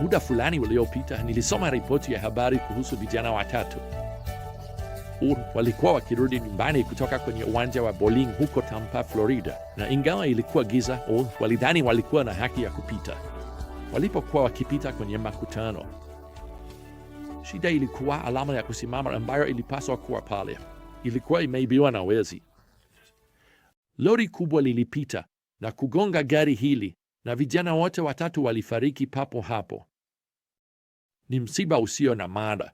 Muda fulani uliopita nilisoma ripoti ya habari kuhusu vijana watatu walikuwa wakirudi nyumbani kutoka kwenye uwanja wa bowling huko Tampa, Florida, na ingawa ilikuwa giza, walidhani walikuwa na haki ya kupita. Walipokuwa wakipita kwenye makutano, shida ilikuwa alama ya kusimama ambayo ilipaswa kuwa pale ilikuwa imeibiwa na wezi. Lori kubwa lilipita na kugonga gari hili na vijana wote watatu walifariki papo hapo. Ni msiba usio na maana.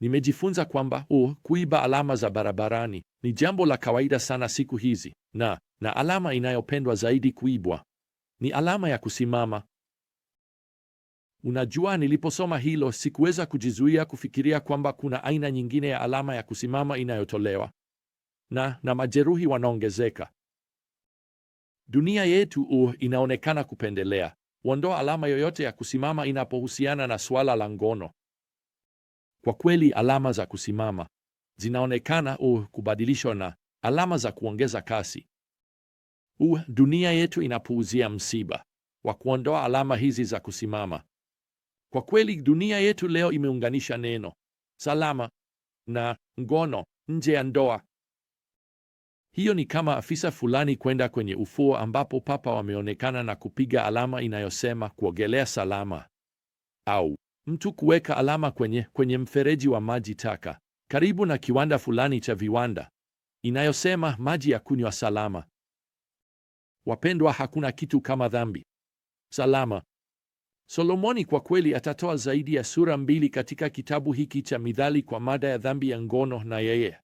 Nimejifunza kwamba oh, kuiba alama za barabarani ni jambo la kawaida sana siku hizi, na na alama inayopendwa zaidi kuibwa ni alama ya kusimama. Unajua, niliposoma hilo sikuweza kujizuia kufikiria kwamba kuna aina nyingine ya alama ya kusimama inayotolewa na na majeruhi wanaongezeka. Dunia yetu uh, inaonekana kupendelea ondoa alama yoyote ya kusimama inapohusiana na suala la ngono. Kwa kweli, alama za kusimama zinaonekana uh, kubadilishwa na alama za kuongeza kasi. Uh, dunia yetu inapuuzia msiba wa kuondoa alama hizi za kusimama. Kwa kweli, dunia yetu leo imeunganisha neno salama na ngono nje ya ndoa. Hiyo ni kama afisa fulani kwenda kwenye ufuo ambapo papa wameonekana na kupiga alama inayosema kuogelea salama, au mtu kuweka alama kwenye kwenye mfereji wa maji taka karibu na kiwanda fulani cha viwanda inayosema maji ya kunywa salama. Wapendwa, hakuna kitu kama dhambi salama. Solomoni kwa kweli atatoa zaidi ya sura mbili katika kitabu hiki cha Mithali kwa mada ya dhambi ya ngono, na yeye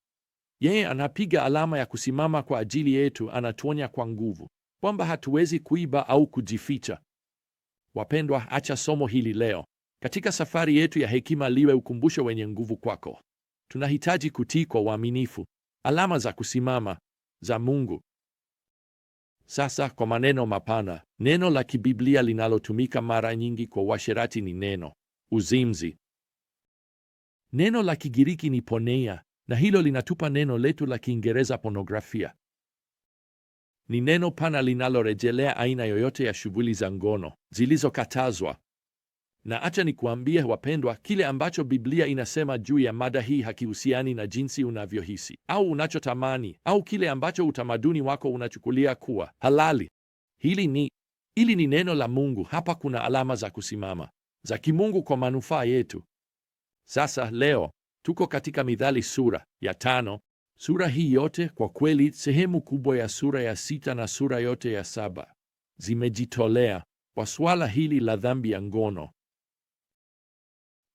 yeye anapiga alama ya kusimama kwa ajili yetu, anatuonya kwa nguvu kwamba hatuwezi kuiba au kujificha. Wapendwa, acha somo hili leo katika safari yetu ya hekima liwe ukumbusho wenye nguvu kwako. Tunahitaji kutii kwa uaminifu alama za kusimama za Mungu. Sasa kwa maneno mapana, neno la kibiblia linalotumika mara nyingi kwa uasherati ni neno uzimzi. Neno la Kigiriki ni poneia, na hilo linatupa neno letu la Kiingereza pornografia. Ni neno pana linalorejelea aina yoyote ya shughuli za ngono zilizokatazwa. Na acha nikuambie wapendwa, kile ambacho Biblia inasema juu ya mada hii hakihusiani na jinsi unavyohisi au unachotamani au kile ambacho utamaduni wako unachukulia kuwa halali. Hili ni hili ni neno la Mungu. Hapa kuna alama za kusimama za kimungu kwa manufaa yetu. Sasa leo Tuko katika Mithali sura ya tano. Sura hii yote kwa kweli, sehemu kubwa ya sura ya sita na sura yote ya saba zimejitolea kwa swala hili la dhambi ya ngono.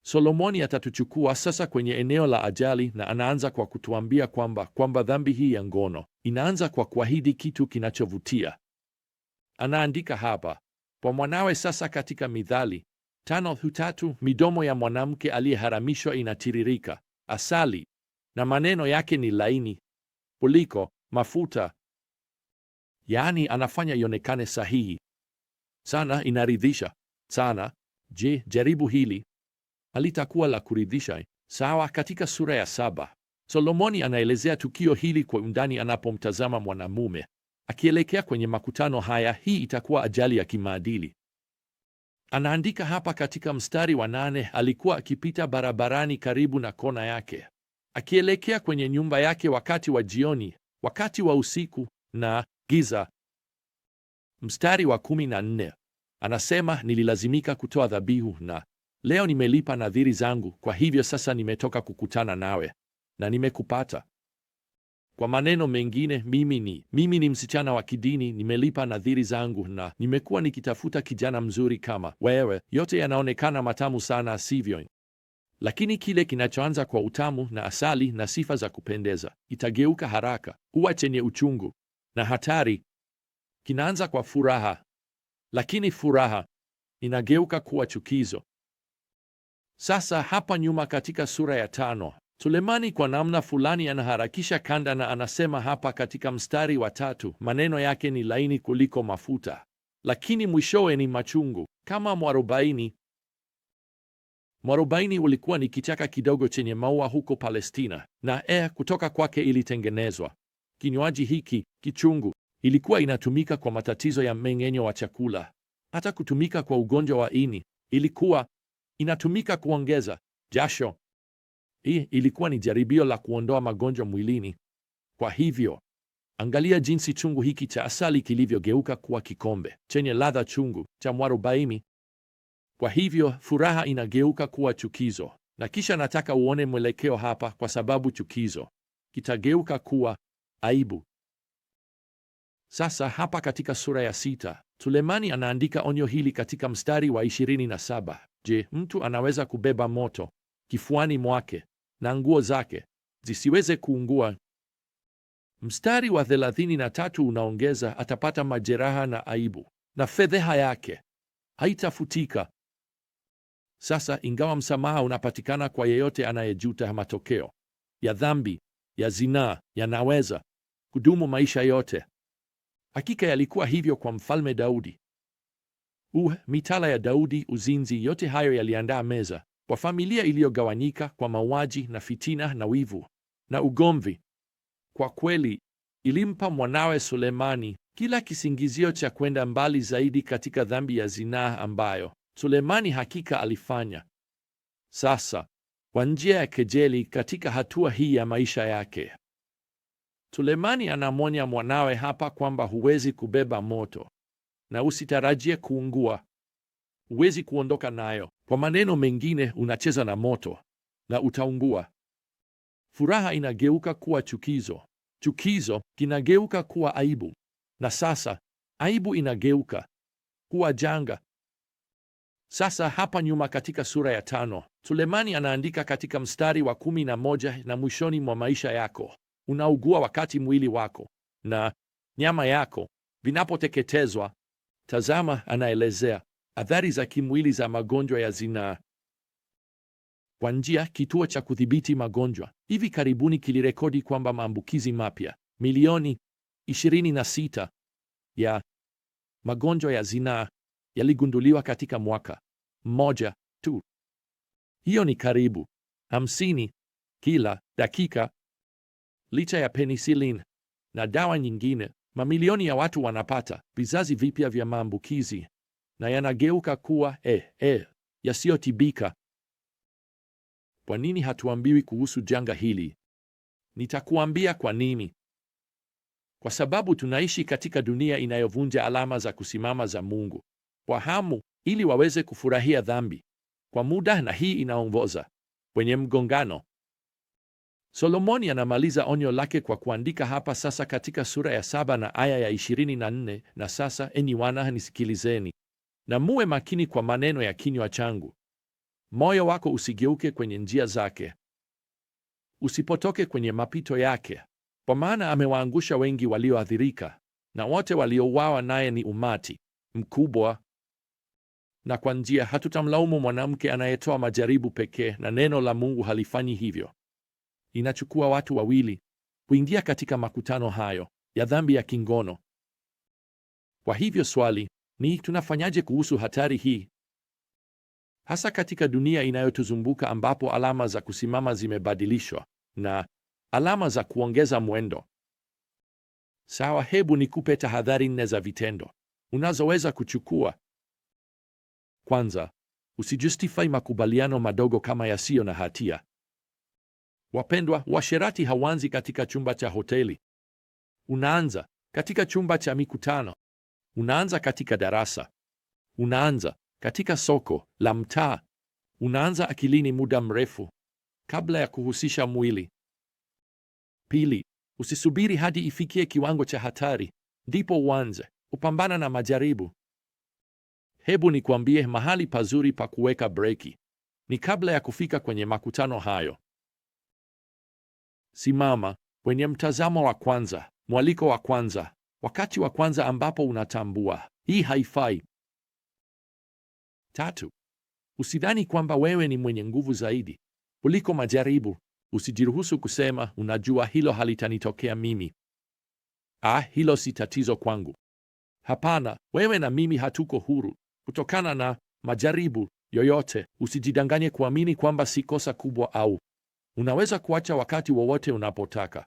Solomoni atatuchukua sasa kwenye eneo la ajali, na anaanza kwa kutuambia kwamba kwamba dhambi hii ya ngono inaanza kwa kuahidi kitu kinachovutia. Anaandika hapa kwa mwanawe sasa katika Mithali Tano hutatu, midomo ya mwanamke aliyeharamishwa inatiririka asali na maneno yake ni laini kuliko mafuta, yaani anafanya ionekane sahihi sana, inaridhisha sana. Je, jaribu hili alitakuwa la kuridhisha? Sawa. Katika sura ya saba Solomoni anaelezea tukio hili kwa undani anapomtazama mwanamume akielekea kwenye makutano haya. Hii itakuwa ajali ya kimaadili Anaandika hapa katika mstari wa nane, alikuwa akipita barabarani karibu na kona yake akielekea kwenye nyumba yake wakati wa jioni, wakati wa usiku na giza. Mstari wa kumi na nne anasema, nililazimika kutoa dhabihu na leo nimelipa nadhiri zangu, kwa hivyo sasa nimetoka kukutana nawe na nimekupata. Kwa maneno mengine, mimi ni mimi ni msichana wa kidini, nimelipa nadhiri zangu na nimekuwa nikitafuta kijana mzuri kama wewe. Yote yanaonekana matamu sana, sivyo? Lakini kile kinachoanza kwa utamu na asali na sifa za kupendeza itageuka haraka kuwa chenye uchungu na hatari. Kinaanza kwa furaha, lakini furaha inageuka kuwa chukizo. Sasa hapa nyuma katika sura ya tano Sulemani kwa namna fulani anaharakisha kanda na anasema hapa katika mstari wa tatu, maneno yake ni laini kuliko mafuta, lakini mwishowe ni machungu kama mwarobaini. Mwarobaini ulikuwa ni kichaka kidogo chenye maua huko Palestina, na eh, kutoka kwake ilitengenezwa kinywaji hiki kichungu. Ilikuwa inatumika kwa matatizo ya mmeng'enyo wa chakula, hata kutumika kwa ugonjwa wa ini. Ilikuwa inatumika kuongeza jasho hii ilikuwa ni jaribio la kuondoa magonjwa mwilini. Kwa hivyo, angalia jinsi chungu hiki cha asali kilivyogeuka kuwa kikombe chenye ladha chungu cha mwarobaini. Kwa hivyo, furaha inageuka kuwa chukizo. Na kisha nataka uone mwelekeo hapa, kwa sababu chukizo kitageuka kuwa aibu. Sasa hapa katika sura ya sita, Sulemani anaandika onyo hili katika mstari wa 27: Je, mtu anaweza kubeba moto kifuani mwake na nguo zake zisiweze kuungua. Mstari wa thelathini na tatu unaongeza, atapata majeraha na aibu na fedheha yake haitafutika. Sasa, ingawa msamaha unapatikana kwa yeyote anayejuta, matokeo ya dhambi ya zinaa yanaweza kudumu maisha yote. Hakika yalikuwa hivyo kwa mfalme Daudi. Uh, mitala ya Daudi, uzinzi, yote hayo yaliandaa meza kwa familia iliyogawanyika kwa mauaji na fitina na wivu na ugomvi. Kwa kweli, ilimpa mwanawe Sulemani kila kisingizio cha kwenda mbali zaidi katika dhambi ya zinaa ambayo Sulemani hakika alifanya. Sasa kwa njia ya kejeli, katika hatua hii ya maisha yake, Sulemani anamwonya mwanawe hapa kwamba huwezi kubeba moto na usitarajie kuungua huwezi kuondoka nayo. Kwa maneno mengine, unacheza na moto na utaungua. Furaha inageuka kuwa chukizo, chukizo kinageuka kuwa aibu, na sasa aibu inageuka kuwa janga. Sasa hapa nyuma katika sura ya tano, Sulemani anaandika katika mstari wa kumi na moja na mwishoni mwa maisha yako unaugua wakati mwili wako na nyama yako vinapoteketezwa. Tazama, anaelezea athari za kimwili za magonjwa ya zinaa. Kwa njia, kituo cha kudhibiti magonjwa hivi karibuni kilirekodi kwamba maambukizi mapya milioni 26 ya magonjwa ya zinaa yaligunduliwa katika mwaka mmoja tu. Hiyo ni karibu hamsini kila dakika. Licha ya penisilin na dawa nyingine, mamilioni ya watu wanapata vizazi vipya vya maambukizi na yanageuka kuwa e e yasiyotibika. Kwa nini hatuambiwi kuhusu janga hili? Nitakuambia kwa nini. Kwa sababu tunaishi katika dunia inayovunja alama za kusimama za Mungu kwa hamu, ili waweze kufurahia dhambi kwa muda, na hii inaongoza kwenye mgongano. Solomoni anamaliza onyo lake kwa kuandika hapa sasa katika sura ya saba na aya ya 24, na sasa enyi wana, nisikilizeni na muwe makini kwa maneno ya kinywa changu, moyo wako usigeuke kwenye njia zake, usipotoke kwenye mapito yake, kwa maana amewaangusha wengi walioathirika, na wote waliouawa naye ni umati mkubwa. Na kwa njia, hatutamlaumu mwanamke anayetoa majaribu pekee, na neno la Mungu halifanyi hivyo. Inachukua watu wawili kuingia katika makutano hayo ya dhambi ya kingono. Kwa hivyo swali ni tunafanyaje kuhusu hatari hii, hasa katika dunia inayotuzunguka ambapo alama za kusimama zimebadilishwa na alama za kuongeza mwendo? Sawa, hebu nikupe tahadhari nne za vitendo unazoweza kuchukua. Kwanza, usijustify makubaliano madogo kama yasiyo na hatia. Wapendwa, washerati hawanzi katika chumba cha hoteli. Unaanza katika chumba cha mikutano. Unaanza katika darasa, unaanza katika soko la mtaa, unaanza akilini muda mrefu kabla ya kuhusisha mwili. Pili, usisubiri hadi ifikie kiwango cha hatari ndipo uanze upambana na majaribu. Hebu nikwambie, mahali pazuri pa kuweka breki ni kabla ya kufika kwenye makutano hayo. Simama kwenye mtazamo wa kwanza, mwaliko wa kwanza wakati wa kwanza ambapo unatambua hii haifai. Tatu, usidhani kwamba wewe ni mwenye nguvu zaidi kuliko majaribu. Usijiruhusu kusema unajua, hilo halitanitokea mimi, ah, hilo si tatizo kwangu. Hapana, wewe na mimi hatuko huru kutokana na majaribu yoyote. Usijidanganye kuamini kwamba si kosa kubwa au unaweza kuacha wakati wowote unapotaka.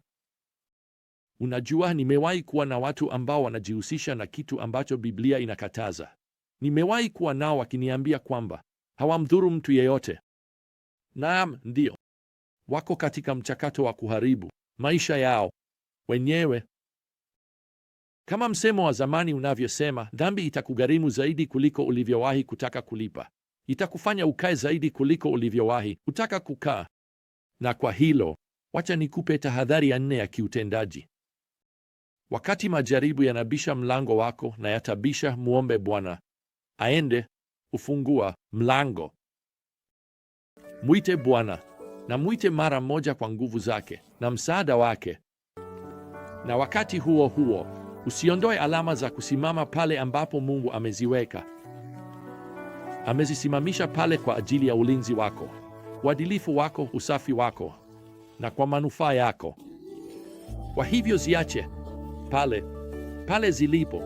Unajua, nimewahi kuwa na watu ambao wanajihusisha na kitu ambacho Biblia inakataza. Nimewahi kuwa nao wakiniambia kwamba hawamdhuru mtu yeyote. Naam, ndio, wako katika mchakato wa kuharibu maisha yao wenyewe. Kama msemo wa zamani unavyosema, dhambi itakugharimu zaidi kuliko ulivyowahi kutaka kulipa, itakufanya ukae zaidi kuliko ulivyowahi kutaka kukaa. Na kwa hilo, wacha nikupe tahadhari ya nne ya kiutendaji. Wakati majaribu yanabisha mlango wako na yatabisha, muombe Bwana aende ufungua mlango. Mwite Bwana na mwite mara moja kwa nguvu zake na msaada wake, na wakati huo huo usiondoe alama za kusimama pale ambapo Mungu ameziweka, amezisimamisha pale kwa ajili ya ulinzi wako, uadilifu wako, usafi wako na kwa manufaa yako. Kwa hivyo ziache pale pale zilipo.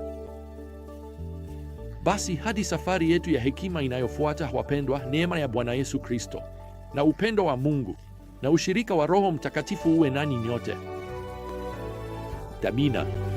Basi hadi safari yetu ya hekima inayofuata, wapendwa, neema ya Bwana Yesu Kristo na upendo wa Mungu na ushirika wa Roho Mtakatifu uwe nani nyote. Amina.